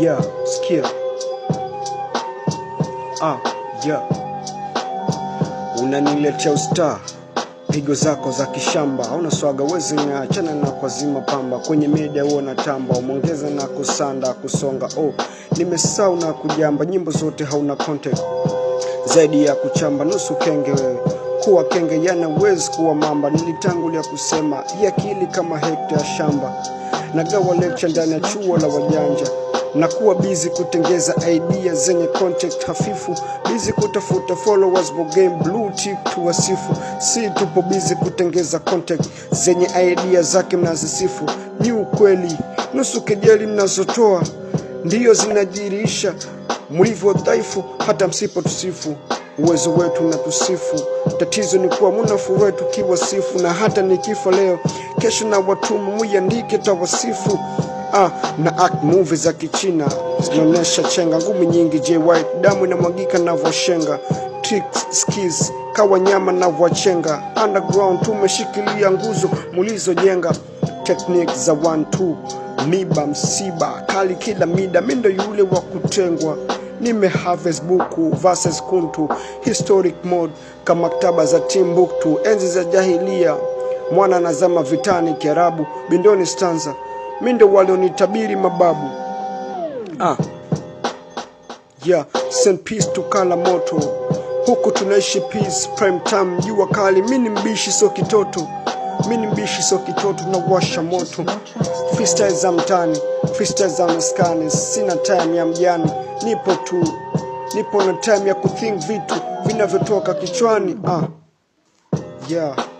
yeah, skill. ah, yeah. unaniletea ustaa pigo zako za kishamba hauna swaga wezi achana na kwazima pamba kwenye media huo na tamba umeongeza na kusanda kusonga oh, nimesau na kujamba nyimbo zote hauna content zaidi ya kuchamba nusu kenge wewe kuwa kenge yana wezi kuwa mamba nilitangulia kusema yakili kama hekta ya shamba nagawa lecha ndani ya chuo la wajanja kuwa bizi kutengeza idea zenye content hafifu, bizi kutafuta followers game blue tick tuwasifu. Si tupo bizi kutengeza content zenye idea zake mnazisifu, ni ukweli. Nusu kejeli mnazotoa ndiyo zinajirisha mlivyo dhaifu, hata msipo tusifu uwezo wetu na tusifu. Tatizo ni kuwa munafu wetu kiwasifu, na hata nikifa leo, kesho na watumu muyandike tawasifu ah, na act movie za kichina zinaonyesha chenga ngumi nyingi Jay White, damu inamwagika navyoshenga tricks skills kawa nyama navyochenga underground, tumeshikilia nguzo mulizojenga technique za one two miba msiba kali kila mida, mindo yule wa kutengwa nime harvest buku versus kuntu historic mode kama maktaba za Timbuktu, enzi za jahilia, mwana anazama vitani, Kiarabu bindoni stanza mi ndo walionitabiri mababu. Ah. Yeah, send peace kala moto huku tunaishi peace, prime time, jua kali. Mi ni mbishi so kitoto, mi ni mbishi so kitoto, nawasha moto. Freestyle za mtani, freestyle za maskani, sina time ya mjani, nipo tu, nipo na time ya kuthink vitu vinavyotoka kichwani. Ah. Yeah.